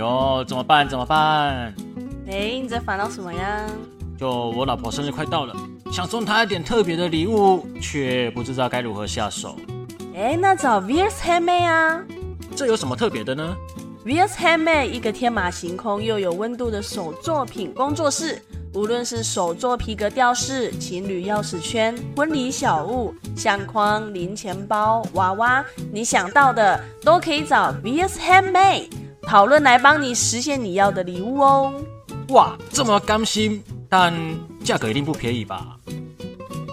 喲、哎，怎麼辦？怎麼辦？哎、欸，你在煩惱什麼呀？就我老婆生日快到了，想送她一點特別的禮物，卻不知道該如何下手。哎、欸，那找 Vier's Handmade 啊！這有什麼特別的呢？Vier's Handmade 一個天馬行空又有溫度的手作品工作室，無論是手作皮革吊飾、情侶鑰匙圈、婚禮小物、相框、零錢包、娃娃，你想到的都可以找 Vier's Handmade。討論來幫你實現你要的禮物哦！哇，這麼甘心，但價格一定不便宜吧？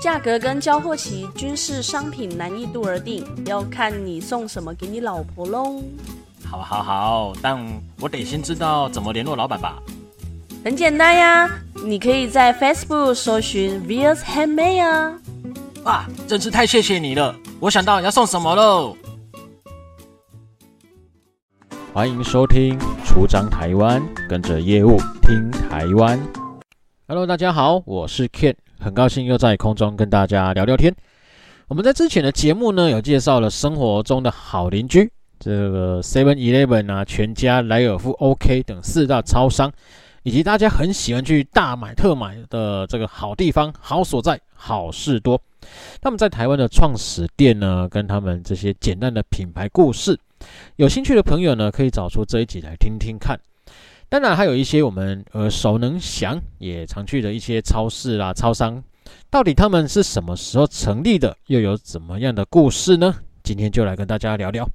價格跟交貨期均視商品難易度而定，要看你送什麼給你老婆咯。好，好，好，但我得先知道怎麼聯絡老闆吧？很簡單呀、啊，你可以在 Facebook 搜尋 Vier's Handmade 啊！哇，真是太謝謝你了，我想到你要送什麼嘍。歡迎收聽《出張台灣》，跟着業務聽台灣。Hello，大家好，我是 Ken，很高興又在空中跟大家聊聊天。我們在之前的節目呢，有介紹了生活中的好鄰居，這個 Seven Eleven 啊、全家、萊爾富 OK 等四大超商，以及大家很喜歡去大買特買的這個好地方、好所在、好市多。他們在台灣的創始店呢，跟他們這些簡單的品牌故事。有興趣的朋友呢，可以找出這一集來聽聽看。當然，還有一些我們呃耳熟能詳、也常去的一些超市啦、啊、超商，到底他們是什麼時候成立的，又有怎麼樣的故事呢？今天就來跟大家聊聊。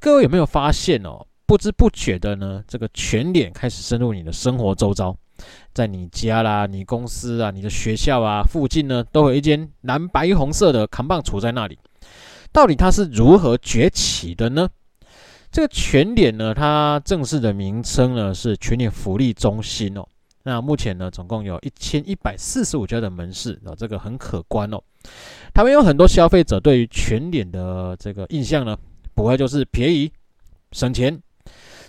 各位有沒有發現哦？不知不覺的呢，這個全聯開始深入你的生活周遭，在你家啦、你公司啊、你的學校啊附近呢，都有一間藍白紅色的扛棒杵在那裡。到底它是如何崛起的呢？這個全聯呢，它正式的名稱呢是全聯福利中心哦。那目前呢，總共有一千一百四十五家的門市啊、哦，這個很可觀哦。他們有很多消費者對於全聯的這個印象呢，不會就是便宜、省錢。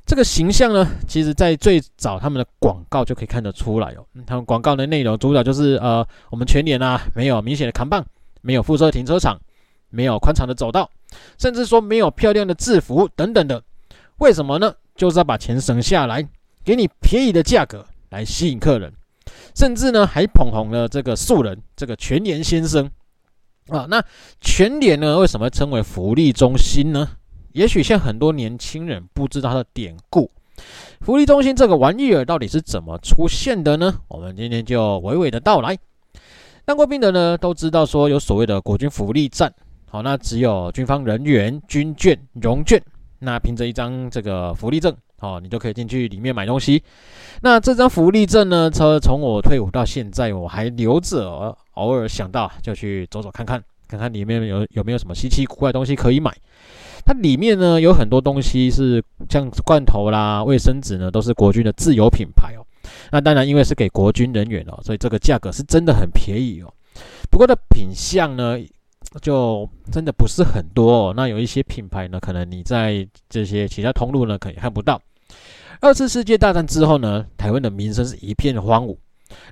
這個形象呢，其實在最早他們的廣告就可以看得出來哦。嗯、他們廣告的內容主打就是呃，我們全聯啊，沒有明顯的扛棒，沒有附設停車場，沒有寬敞的走道。甚至說沒有漂亮的制服等等的，為什麼呢？就是要把錢省下來，給你便宜的價格來吸引客人，甚至呢還捧紅了這個素人這個全聯先生啊。那全聯呢，為什麼稱為福利中心呢？也許像很多年輕人不知道它的典故，福利中心這個玩意兒到底是怎麼出現的呢？我們今天就娓娓的道來。當過兵的呢都知道說有所謂的國軍福利站。好、哦，那只有軍方人員、軍眷、榮眷，那憑着一張這個福利證，好、哦，你就可以進去裡面買東西。那這張福利證呢，從從我退伍到現在，我還留着、哦，偶爾想到就去走走看看，看看裡面有有沒有什麼稀奇古怪東西可以買。它裡面呢有很多東西是像罐頭啦、衛生紙呢，都是國軍的自有品牌哦。那當然，因為是給國軍人員哦，所以這個價格是真的很便宜哦。不過的品項呢，就真的不是很多、哦。那有一些品牌呢，可能你在這些其他通路呢，可以看不到。二次世界大戰之後呢，台灣的民生是一片荒蕪。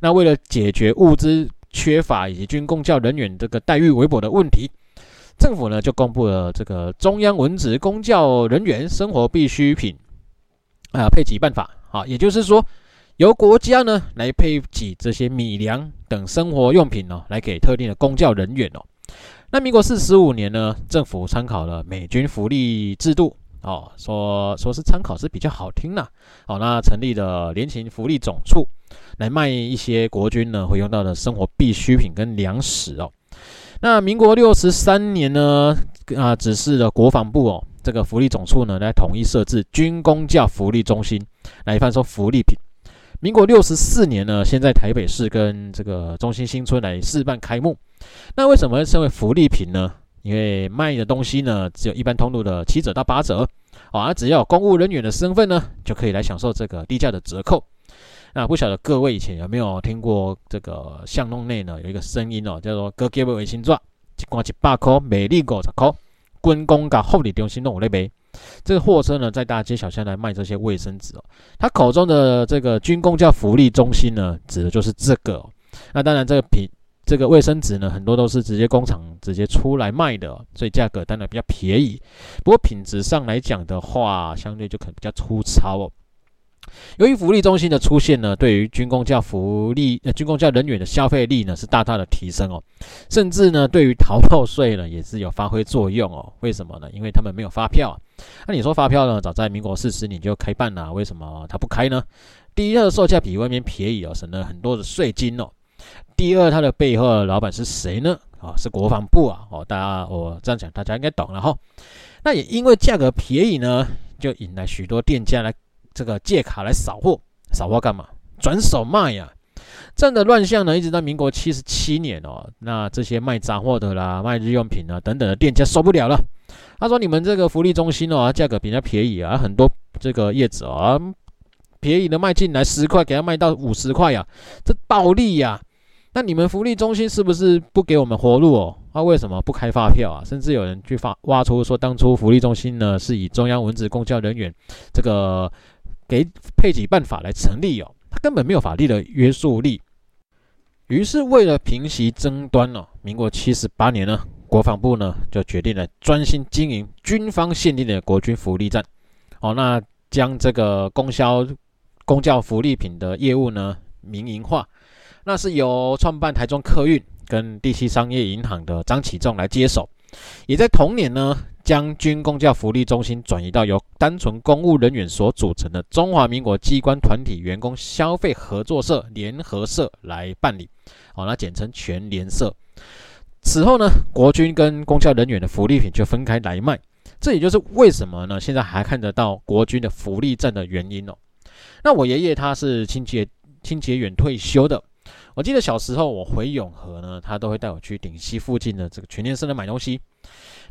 那為了解決物資缺乏以及軍公教人員這個待遇微薄的問題，政府呢就公布了這個中央文職公教人員生活必需品啊配給辦法。好、啊，也就是說，由國家呢來配給這些米糧等生活用品呢、哦，來給特定的公教人員哦。那民國四十五年呢，政府參考了美軍福利制度，哦，說說是參考是比較好聽的哦，那成立了聯勤福利總處來賣一些國軍呢會用到的生活必需品跟糧食哦。那民國六十三年呢，啊、呃，指示了國防部哦，這個福利總處呢來統一設置軍公教福利中心，來販售福利品。民國六十四年呢，先在台北市跟這個中興新村來試辦開幕。那為什麼稱為福利品呢？因為賣的東西呢，只有一般通路的七折到八折，那、哦、只要公務人員的身份呢，就可以來享受這個低價的折扣。那不曉得各位以前有沒有聽過這個巷弄內呢，有一個聲音哦，叫做“ google 微心賺一罐一百顆，美麗果五十顆，軍公教福利中心弄內賣”。這個貨車呢，在大街小巷來賣這些衛生紙哦。他口中的這個軍公教福利中心呢，指的就是這個哦。那當然，這個品，這個衛生紙呢，很多都是直接工廠直接出來賣的哦，所以價格當然比較便宜。不過品質上來講的話，相對就可能比較粗糙哦。由於福利中心的出現呢，對於軍公教福利、呃軍公教人員的消費力呢是大大的提升哦，甚至呢對於逃漏稅呢也是有發揮作用哦。為什麼呢？因為他們沒有發票、啊。那、啊、你說發票呢？早在民國四十年就開辦了、啊，為什麼他、啊、不開呢？第一，它的售價比外面便宜哦，省了很多的稅金哦。第二，它的背後的老板是誰呢？啊，是國防部啊。哦，大家我這樣講，大家應該懂了哈、哦。那也因為價格便宜呢，就引來許多店家來。這個借卡來掃貨，掃貨幹嘛？轉手賣呀、啊！這樣的亂象呢，一直到民國七十七年哦。那這些賣雜貨的啦、賣日用品啊等等的店家受不了了。他說：“你們這個福利中心哦，價格比較便宜啊，很多這個葉子啊、哦，便宜的賣進來十塊，給他賣到五十塊呀、啊，這暴利呀！那你們福利中心是不是不給我們活路哦？他、啊、為什麼不開發票啊？甚至有人去發挖出說，當初福利中心呢，是以中央文職公教人員這個。”給配給辦法來成立哦，他根本沒有法律的約束力。於是為了平息爭端呢、哦，民國七十八年呢，國防部呢就決定了專心經營軍方限定的國軍福利站。哦，那將這個供銷、公教福利品的業務呢，民營化，那是由創辦台中客運跟第七商業銀行的張啟仲來接手。也在同年呢。將軍公教福利中心轉移到由單純公務人員所組成的中華民國機關團體員工消費合作社聯合社來辦理，哦，好，那簡稱全聯社。此後呢，國軍跟公教人員的福利品就分開來賣。這也就是為什麼呢，現在還看得到國軍的福利證的原因哦。那我爺爺他是清潔清潔員退休的，我記得小時候我回永和呢，他都會帶我去頂溪附近的這個全聯社來買東西。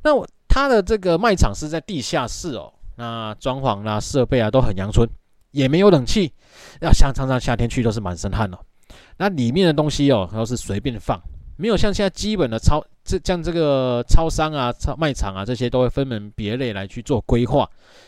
那我。它的這個賣場是在地下室哦，那裝潢啦、啊、設備啊都很陽春，也沒有冷氣，要、啊、常常常夏天去都是滿身汗哦。那裡面的東西哦都是隨便放，沒有像現在基本的超這像這個超商啊、超賣場啊這些都會分門別類來去做規劃。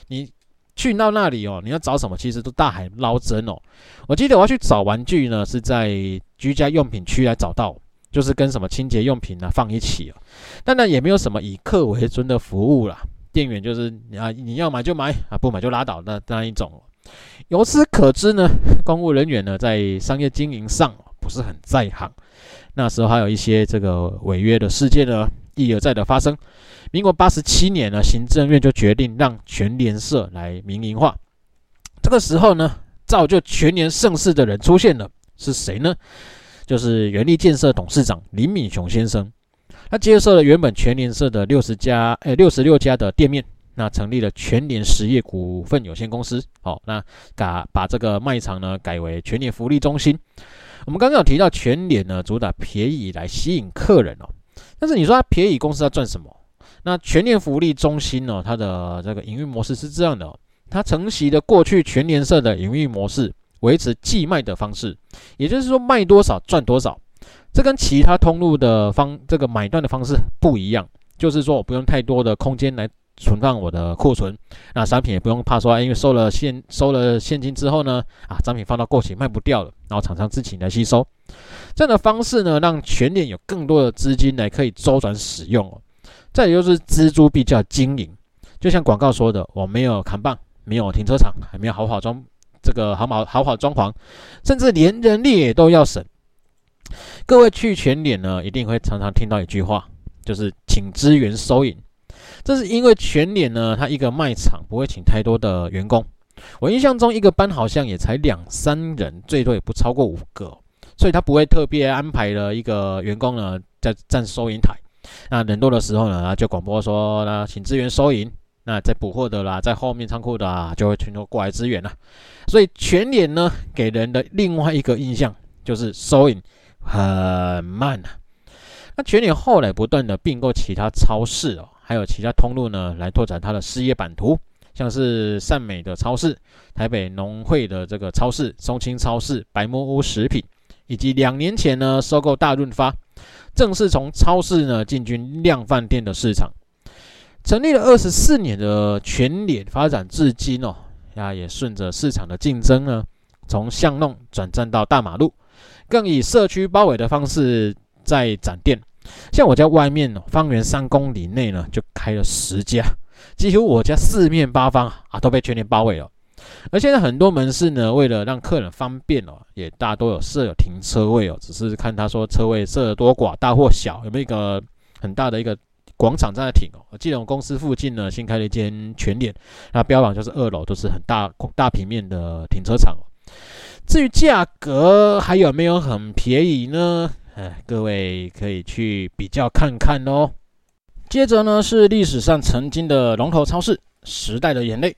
你去到那裡哦，你要找什麼其實都大海撈針哦。我記得我要去找玩具呢，是在居家用品區來找到。就是跟什麼清潔用品呢、啊？放一起了、哦，當然也沒有什麼以客為尊的服務啦。店員就是你啊你要買就買啊不買就拉倒那那一種。由此可知呢，公務人員呢在商業經營上不是很在行。那時候還有一些這個違約的事件呢一而再的發生。民國八十七年呢，行政院就決定讓全聯社來民營化。這個時候呢，造就全聯盛世的人出現了，是誰呢？就是元利建設董事長林敏雄先生，他接受了原本全聯社的六十家，誒，六十六家的店面，那成立了全聯實業股份有限公司。哦，那把把這個賣場呢改為全聯福利中心。我們剛剛有提到全聯呢主打便宜來吸引客人哦，但是你說它便宜，公司要賺什麼？那全聯福利中心呢、哦，它的這個營運模式是這樣的、哦，它承襲的過去全聯社的營運模式。維持寄賣的方式，也就是說，賣多少賺多少，這跟其他通路的方這個買斷的方式不一樣，就是說我不用太多的空間來存放我的庫存，那商品也不用怕說，哎、因為收了現收了現金之後呢，啊商品放到過期賣不掉了，然後廠商自己來吸收，這樣的方式呢，讓全聯有更多的資金來可以周轉使用哦。再也就是蜘蛛比較經營，就像廣告說的，我沒有扛棒，沒有停車場，還沒有豪華裝。這個好好好、裝潢，甚至連人力也都要省。各位去全聯呢，一定會常常聽到一句話，就是請支援收銀。這是因為全聯呢，他一個賣場不會請太多的員工。我印象中，一個班好像也才兩三人，最多也不超過五個，所以他不會特別安排了一個員工呢在站收銀台。那人多的時候呢，他就廣播說，那請支援收銀。那在補貨的啦，在後面倉庫的啊，就會全都過來支援了，啊。所以全聯呢，給人的另外一個印象就是收銀很慢吶，啊。那全聯後來不斷的併購其他超市哦，還有其他通路呢，來拓展它的事業版圖，像是善美的超市、台北農會的這個超市、松青超市、白木屋食品，以及兩年前呢收購大潤發，正式從超市呢進軍量販店的市場。成立了二十四年的全聯發展，至今哦，也順着市場的競爭呢，從巷弄轉戰到大馬路，更以社區包圍的方式在展店。像我家外面哦，方圓三公里內呢，就開了十家，幾乎我家四面八方啊都被全聯包圍了。而現在很多門市呢，為了讓客人方便哦，也大多有設有停車位哦，只是看他說車位設多寡大或小，有沒有一個很大的一個，廣場站在停哦，我記得我們公司附近呢，新開了一間全聯，那標榜就是二樓都、就是很大大平面的停車場哦。至於價格還有沒有很便宜呢？哎，各位可以去比較看看哦。接着呢，是歷史上曾經的龍頭超市，時代的眼淚，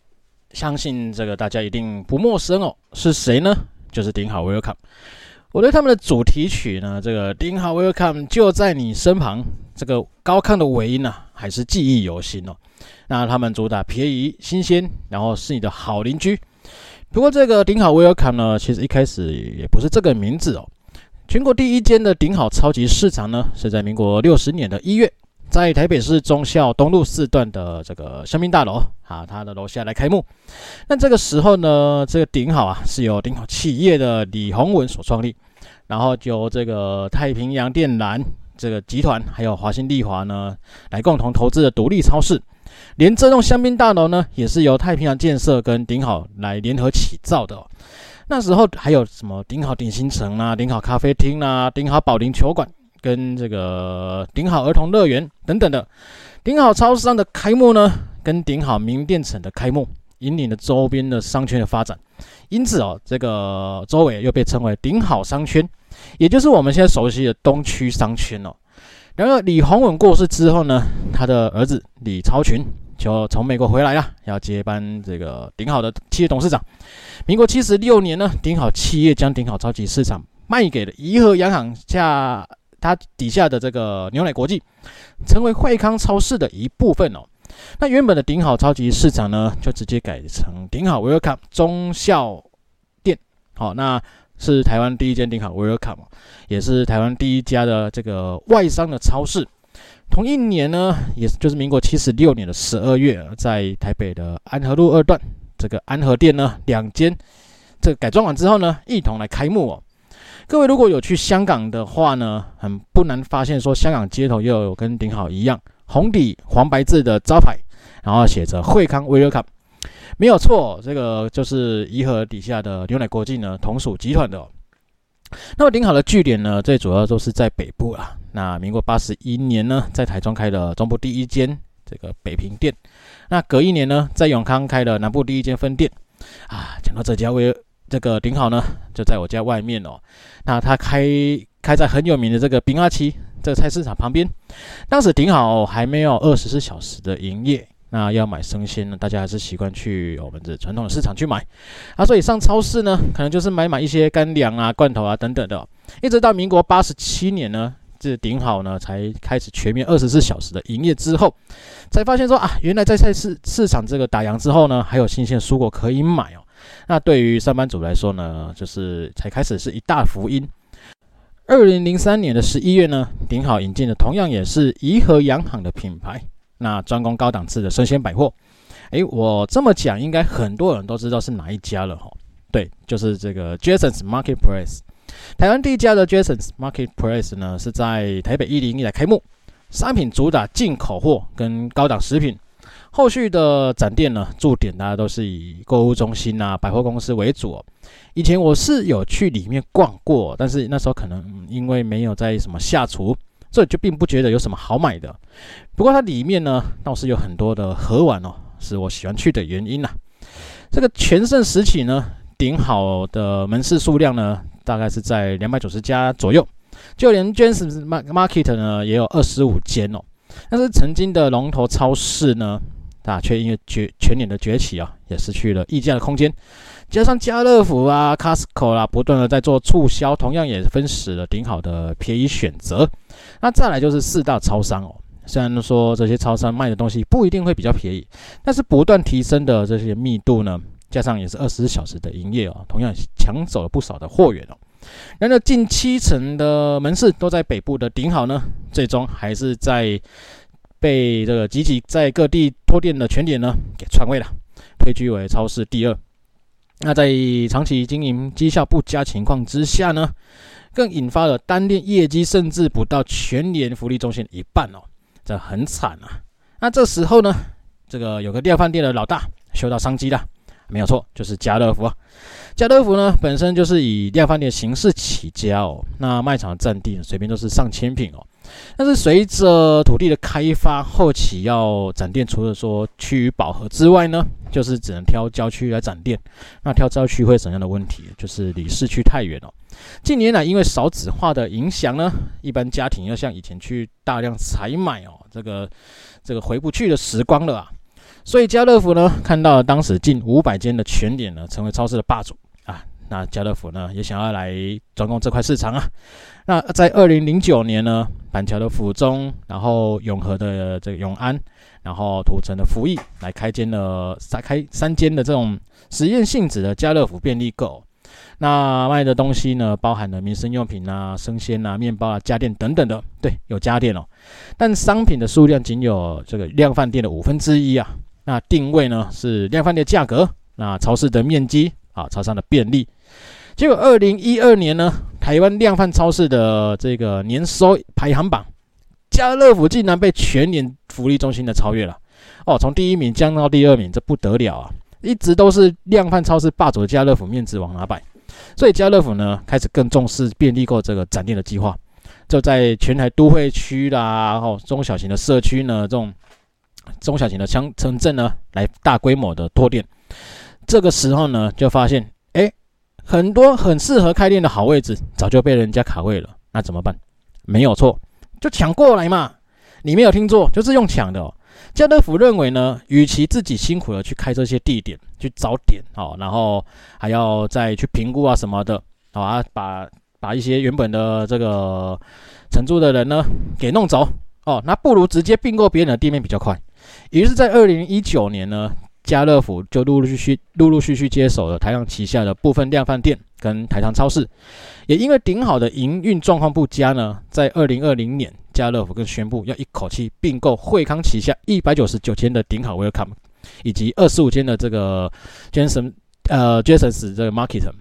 相信這個大家一定不陌生哦。是誰呢？就是頂好 Welcome。我對他們的主題曲呢，這個頂好 Welcome 就在你身旁。這個高亢的尾音呢、啊，還是記憶猶新哦。那他們主打便宜、新鮮，然後是你的好鄰居。不過這個頂好 welcome 呢，其實一開始也不是這個名字哦。全國第一間的頂好超級市場呢，是在民國六十年的一月，在台北市忠孝東路四段的這個香檳大樓啊，它的樓下來開幕。那這個時候呢，這個頂好啊，是由頂好企業的李洪文所創立，然後就這個太平洋電纜。這個集團還有華新麗華呢，來共同投資的獨立超市，連這棟香檳大樓呢，也是由太平洋建設跟頂好來聯合起造的哦。那時候還有什麼頂好鼎新城啊，頂好咖啡廳啊，頂好保齡球館跟這個頂好兒童樂園等等的。頂好超市上的開幕呢，跟頂好名店城的開幕，引領了周邊的商圈的發展，因此哦，這個周圍又被稱為頂好商圈。也就是我們現在熟悉的東區商圈哦。然後李洪文過世之後呢，他的兒子李超群就從美國回來了，要接班這個頂好的企業董事長。民國七十六年呢，頂好企業將頂好超級市場賣給了怡和洋行下他底下的這個牛奶國際，成為惠康超市的一部分哦。那原本的頂好超級市場呢，就直接改成頂好 Welcome 忠孝店。好，那。是台灣第一間頂好，Welcome，也是台灣第一家的這個外商的超市。同一年呢，也就是民國七十六年的十二月，在台北的安和路二段這個安和店呢，兩間這個改裝完之後呢，一同來開幕哦。各位如果有去香港的話呢，很不難發現說，香港街頭也有跟頂好一樣紅底黃白字的招牌，然後寫着惠康 Welcome。沒有錯，這個就是怡和底下的牛奶國際呢，同屬集團的哦。那麼頂好的據點呢，最主要就是在北部啊，那民國八十一年呢，在台中開了中部第一間這個北平店。那隔一年呢，在永康開了南部第一間分店。啊，講到這家味，這個頂好呢，就在我家外面哦。那他開開在很有名的這個兵二七這個菜市場旁邊，當時頂好哦，還沒有二十四小時的營業。那、啊、要買生鮮呢，大家還是習慣去我們這傳統的市場去買。啊，所以上超市呢，可能就是買一買一些乾糧啊、罐頭啊等等的。一直到民國八十七年呢，這頂好呢才開始全面二十四小時的營業之後，才發現說，啊，原來在菜市市場這個打烊之後呢，還有新鮮蔬果可以買哦。那對於上班族來說呢，就是才開始是一大福音。二零零三年的十一月呢，頂好引進的同樣也是怡和洋行的品牌，那專攻高檔次的生鮮百貨，哎，我這麼講，應該很多人都知道是哪一家了哈。對，就是這個 Jasons Market Place。台灣第一家的 Jasons Market Place 呢，是在台北一零一來開幕，商品主打進口貨跟高檔食品。後續的展店呢，駐點大家都是以購物中心啊、百貨公司為主。以前我是有去裡面逛過，但是那時候可能因為沒有在什麼下廚，這就並不覺得有什麼好買的，不過它裡面呢倒是有很多的盒玩哦，是我喜歡去的原因啦。這個全盛時期呢，頂好的門市數量呢大概是在兩百九十家左右，就連 Jasons Market 呢也有二十五間哦。但是曾經的龍頭超市呢？啊，卻因為全聯的崛起啊，也失去了溢價的空間，加上家樂福啊、Costco 啦、啊，不斷的在做促銷，同樣也分食了頂好的便宜選擇。那再來就是四大超商哦，雖然說這些超商賣的東西不一定會比較便宜，但是不斷提升的這些密度呢，加上也是二十四小時的營業哦，同樣搶走了不少的貨源哦。然而近七成的門市都在北部的頂好呢，最終還是在。被這個積極在各地拓店的全聯呢給篡位了，推舉為超市第二。那在長期經營績效不佳情況之下呢，更引發了單店業績甚至不到全聯福利中心一半哦，這很慘啊。那這時候呢，這個有個量販店的老大嗅到商機了，沒有錯，就是家樂福、啊。家樂福呢本身就是以量販店形式起家哦，那賣場的占地呢隨便都是上千坪哦。但是隨着土地的開發，後期要展店，除了說趨於飽和之外呢，就是只能挑郊區來展店。那挑郊區會什麼樣的問題？就是離市區太遠哦。近年來因爲少子化的影響呢，一般家庭要像以前去大量採買哦，這個這個回不去的時光了啊。所以家樂福呢，看到了當時近五百間的全聯呢，成爲超市的霸主。那家樂福呢，也想要來專攻這塊市場啊。那在二零零九年呢，板橋的府中，然後永和的這個永安，然後土城的福義來開間了三開三間的這種實驗性質的家樂福便利購。那賣的東西呢，包含了民生用品啊、生鮮啊、麵包啊、家電等等的。對，有家電哦。但商品的數量僅有這個量販店的五分之一啊。那定位呢，是量販店的價格，那超市的面積啊，超商的便利。結果，二零一二年呢，台灣量販超市的這個年收排行榜，家樂福竟然被全聯福利中心的超越了。哦，從第一名降到第二名，這不得了啊！一直都是量販超市霸主的家樂福，面子往哪擺？所以加府呢，家樂福呢開始更重視便利購這個展店的計劃，就在全台都會區啦，然、哦、後中小型的社區呢，這種中小型的鄉城鎮呢，來大規模的拓店。這個時候呢，就發現，誒。很多很適合開店的好位置，早就被人家卡位了。那怎麼辦？沒有錯，就搶過來嘛！你沒有聽錯，就是用搶的哦。家樂福認為呢，與其自己辛苦的去開這些地點，去找點哦，然後還要再去評估啊什麼的，好、哦、啊把把一些原本的這個承租的人呢給弄走哦，那不如直接併購別人的店面比較快。於是，在二零一九年呢。家樂福就陸陸續續、陸陸續續接手了台糖旗下的部分量販店跟台糖超市，也因為頂好的營運狀況不佳呢，在二零二零年，家樂福更宣布要一口氣併購惠康旗下一百九十九間的頂好 Welcome，以及二十五間的這個 Jason 呃 Jasons 這個 Market、um。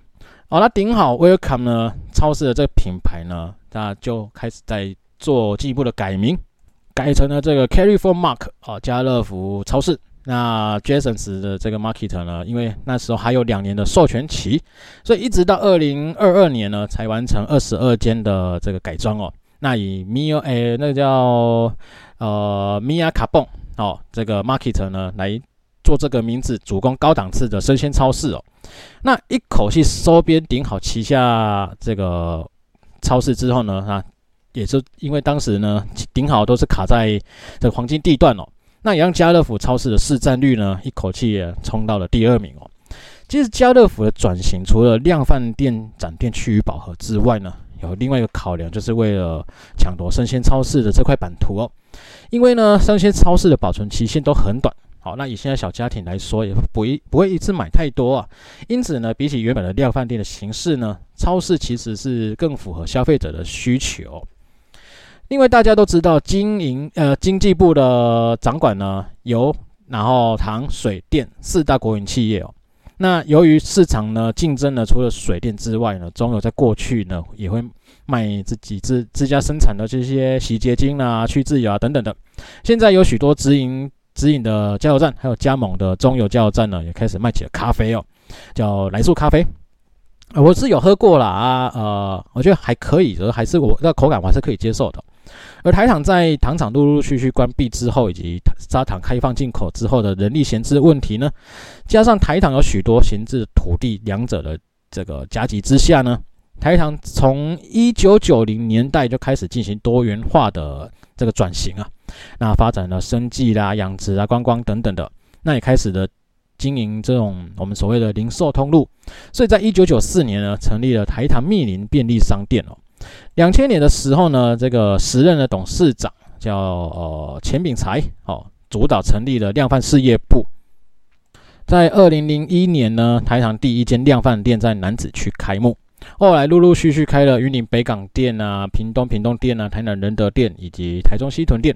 好、哦，那頂好 Welcome 呢超市的這個品牌呢，那就開始在做進一步的改名，改成了這個 Carrefour Market 啊，家樂福超市。那 Jasons 的這個 market 呢，因為那時候還有兩年的授權期，所以一直到二零二二年呢，才完成二十二間的這個改裝哦。那以 Mia 哎、欸，那個叫呃 Mia C'bon 哦，這個 market 呢來做這個名字，主攻高檔次的生鮮超市哦。那一口氣收編頂好旗下這個超市之後呢，啊，也是因為當時呢，頂好都是卡在這個黃金地段哦。那也讓家樂福超市的市占率呢，一口氣也衝到了第二名哦。其實家樂福的轉型，除了量販店、展店趨於飽和之外呢，有另外一個考量，就是為了搶奪生鮮超市的這塊版圖哦。因為呢，生鮮超市的保存期限都很短，好，哦，那以現在小家庭來說，也不一不會一次買太多啊。因此呢，比起原本的量販店的形式呢，超市其實是更符合消費者的需求。另外，因為大家都知道經、呃，經營呃經濟部的掌管呢油，然後糖水電四大國營企業哦。那由於市場呢競爭呢，除了水電之外呢，中油在過去呢也會賣自己自自家生產的這些洗潔精啊、去漬油啊等等的。現在有許多直營直營的加油站，還有加盟的中油加油站呢，也開始賣起了咖啡哦，叫來速咖啡、呃。我是有喝過了啊，呃，我覺得還可以，還是我，那口感我還是可以接受的。而台糖在糖廠陸陸續續關閉之後，以及砂糖開放進口之後的人力閒置問題呢，加上台糖有許多閒置土地，兩者的這個夾擊之下呢，台糖從一九九零年代就開始進行多元化的這個轉型啊，那發展了生技啦、養殖啦、觀光等等的，那也開始的經營這種我們所謂的零售通路，所以在一九九四年呢，成立了台糖蜜鄰便利商店哦。兩千年的時候呢，這個時任的董事長叫呃錢秉才，哦，主導成立了量販事業部。在二零零一年呢，台糖第一間量販店在楠梓區開幕，後來陸陸續續續開了雲林北港店啊、屏東屏東店啊、台南仁德店以及台中西屯店。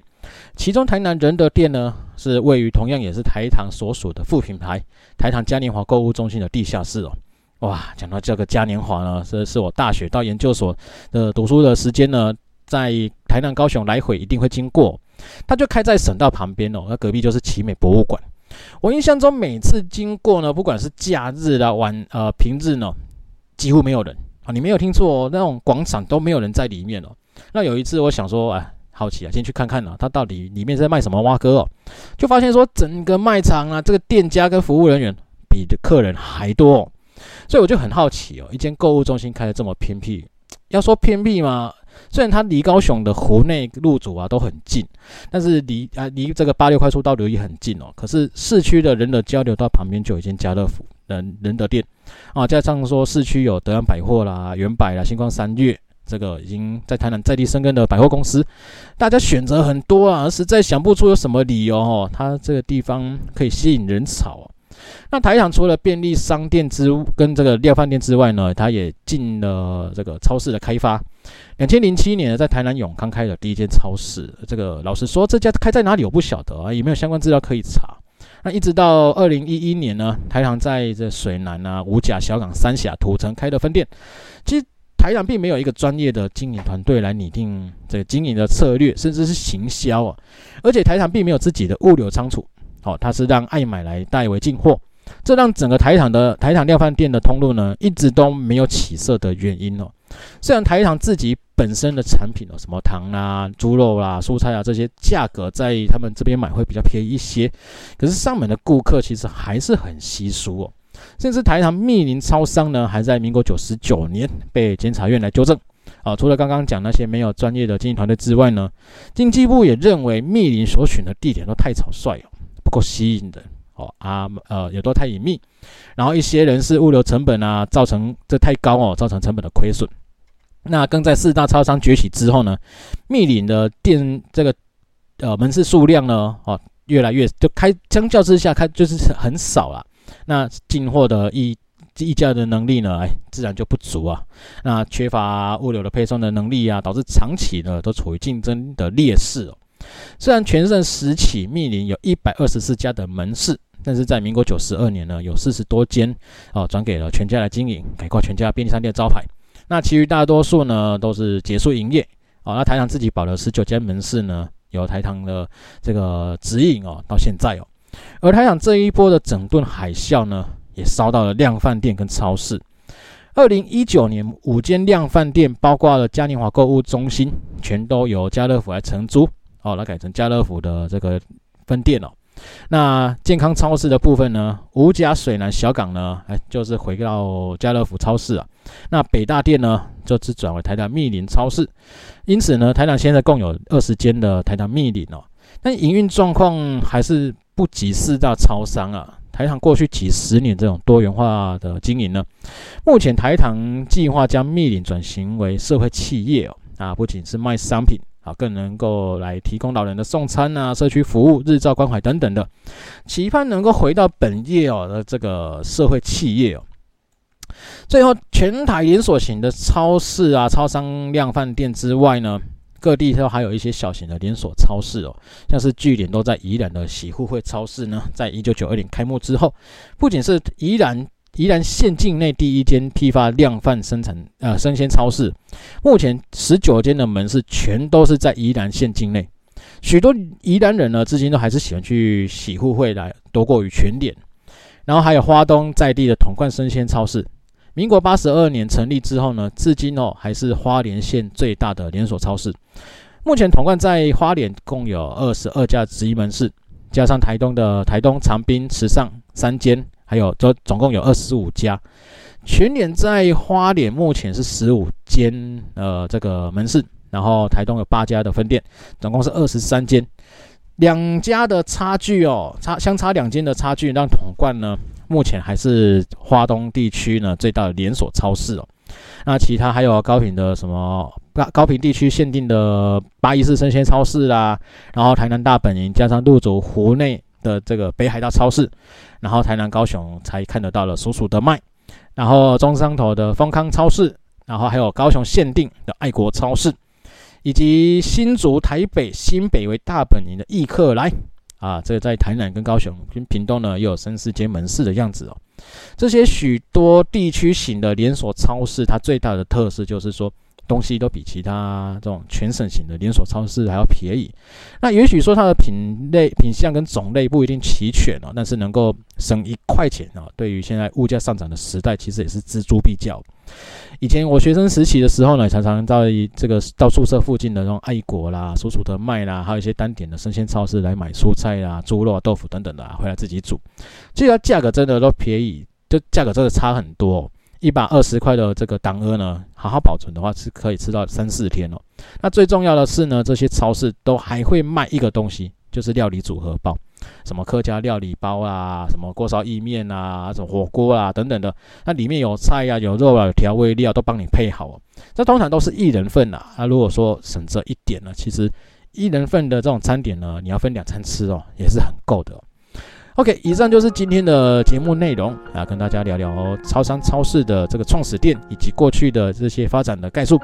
其中台南仁德店呢，是位於同樣也是台糖所屬的副品牌台糖嘉年華購物中心的地下室哦。哇，講到這個嘉年華呢，這是我大學到研究所的讀書的時間呢，在台南高雄來回一定會經過。它就開在省道旁邊哦，那隔壁就是奇美博物館。我印象中每次經過呢，不管是假日的、啊、晚呃平日呢，幾乎沒有人啊。你沒有聽錯、哦，那種廣場都沒有人在裡面哦。那有一次我想說，哎，好奇啊，先去看看啊，它到底裡面在賣什麼蛙哥、哦？就發現說整個賣場啊，這個店家跟服務人員比的客人還多、哦。所以我就很好奇哦，一間購物中心開得這麼偏僻，要說偏僻嘛，雖然它離高雄的湖內路竹啊都很近，但是離啊離這個八六快速道路也很近哦。可是市區的仁德交流道旁邊就有一間家樂福仁、仁德店啊，加上說市區有德安百貨啦、遠百啦、新光三越，這個已經在台南在地生根的百貨公司，大家選擇很多啊，實在想不出有什麼理由哦，它這個地方可以吸引人潮。那台糖除了便利商店之跟這個量販店之外呢，他也進了這個超市的開發。兩千零七年，在台南永康開了第一間超市。這個老實說，這家開在哪裡我不曉得啊，有沒有相關資料可以查？那一直到二零一一年呢，台糖在這水南啊、五甲、小港、三峽、土城開的分店。其實台糖並沒有一個專業的經營團隊來擬定這個經營的策略，甚至是行銷啊。而且台糖並沒有自己的物流倉儲。好，他、哦、是讓愛買來代為進貨，這讓整個台糖的台糖量販店的通路呢，一直都沒有起色的原因哦。雖然台糖自己本身的產品哦，什麼糖啊、豬肉啊、蔬菜啊這些價格在他們這邊買會比較便宜一些，可是上門的顧客其實還是很稀疏哦。甚至台糖蜜鄰超商呢，還在民國九十九年被監察院來糾正。啊，除了剛剛講那些沒有專業的經營團隊之外呢，經濟部也認為蜜鄰所選的地點都太草率哦。夠吸引的哦啊呃，有多太隱祕，然後一些人是物流成本啊，造成這太高哦，造成成本的虧損。那跟在四大超商崛起之後呢，蜜鄰的店這個呃門市數量呢哦，越來越就開，相較之下開就是很少了。那進貨的議價的能力呢，哎，自然就不足啊。那缺乏物流的配送的能力啊，導致長期呢都處於競爭的劣勢哦。雖然全盛時期，蜜鄰有一百二十四家的門市，但是在民國九十二年呢，有四十多間哦，轉給了全家來經營，改掛全家便利商店招牌。那其餘大多數呢，都是結束營業哦。那台糖自己保了十九間門市呢，由台糖的這個直營哦，到現在哦。而台糖這一波的整頓海嘯呢，也燒到了量販店跟超市。二零一九年，五間量販店，包括了嘉年華購物中心，全都由家樂福來承租。哦，來改成家樂福的這個分店哦。那健康超市的部分呢，五甲、水南、小港呢，哎，就是回到家樂福超市啊。那北大店呢，就只轉為台糖蜜鄰超市。因此呢，台糖現在共有二十間的台糖蜜鄰哦，但營運狀況還是不及四大超商啊。台糖過去幾十年這種多元化的經營呢，目前台糖計劃將蜜鄰轉型為社會企業哦，啊，不僅是賣商品。好，更能夠來提供老人的送餐啊、社區服務、日照關懷等等的，期盼能夠回到本業哦，的這個社會企業哦。最後，全台連鎖型的超市啊、超商量販店之外呢，各地都還有一些小型的連鎖超市哦，像是據點都在宜蘭的喜互惠超市呢，在一九九二年開幕之後，不僅是宜蘭。宜蘭縣境內第一間批發量販生產啊、呃、生鮮超市，目前十九間的門市全都是在宜蘭縣境內。許多宜蘭人呢，至今都還是喜歡去喜互惠來多過於全聯。然後還有花東在地的統冠生鮮超市，民國八十二年成立之後呢，至今哦還是花蓮縣最大的連鎖超市。目前統冠在花蓮共有二十二家直營門市，加上台東的台東長濱、池上三間。還有總總共有二十五家。全聯在花蓮目前是十五間，呃，這個門市，然後台東有八家的分店，總共是二十三間。兩家的差距哦，差相差兩間的差距，但統冠呢目前還是花東地區呢最大的連鎖超市哦。那其他還有高屏的什麼高高屏地區限定的八一四生鮮超市啦、啊，然後台南大本營加上路竹湖內，的這個北海道超市，然後台南、高雄才看得到了俗俗的賣，然後中彰投的豐康超市，然後還有高雄限定的愛國超市，以及新竹、台北、新北為大本營的易客來啊，這個在台南跟高雄跟屏東呢也有三四間門市的樣子哦。這些許多地區型的連鎖超市，它最大的特色就是說，東西都比其他這種全省型的連鎖超市還要便宜，那也許說它的品類、品相跟種類不一定齊全哦，但是能夠省一塊錢哦。對於現在物價上漲的時代，其實也是錙銖必較。以前我學生時期的時候呢，常常在這個到宿舍附近的這種愛國啦、俗俗的賣啦，還有一些單點的生鮮超市來買蔬菜啦、豬肉、啊、豆腐等等的、啊，回來自己煮。這家價格真的都便宜，就價格真的差很多。一百二十塊的這個檔額呢，好好保存的話是可以吃到三四天哦。那最重要的是呢，這些超市都還會賣一個東西，就是料理組合包，什麼客家料理包啊，什麼鍋燒意麵啊，什麼火鍋啊等等的。那裡面有菜呀，啊，有肉啊，有調味料，都幫你配好哦。這通常都是一人份吶啊。啊，如果說省這一點呢，其實一人份的這種餐點呢，你要分兩餐吃哦，也是很夠的哦。OK，以上就是今天的節目內容啊，來跟大家聊聊超商、超市的這個創始店以及過去的這些發展的概述。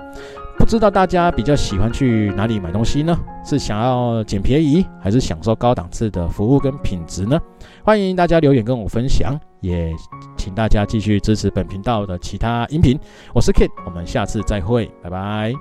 不知道大家比較喜歡去哪裡買東西呢？是想要撿便宜，還是享受高檔次的服務跟品質呢？歡迎大家留言跟我分享，也請大家繼續支持本頻道的其他音頻。我是 Kid，我們下次再會，拜拜。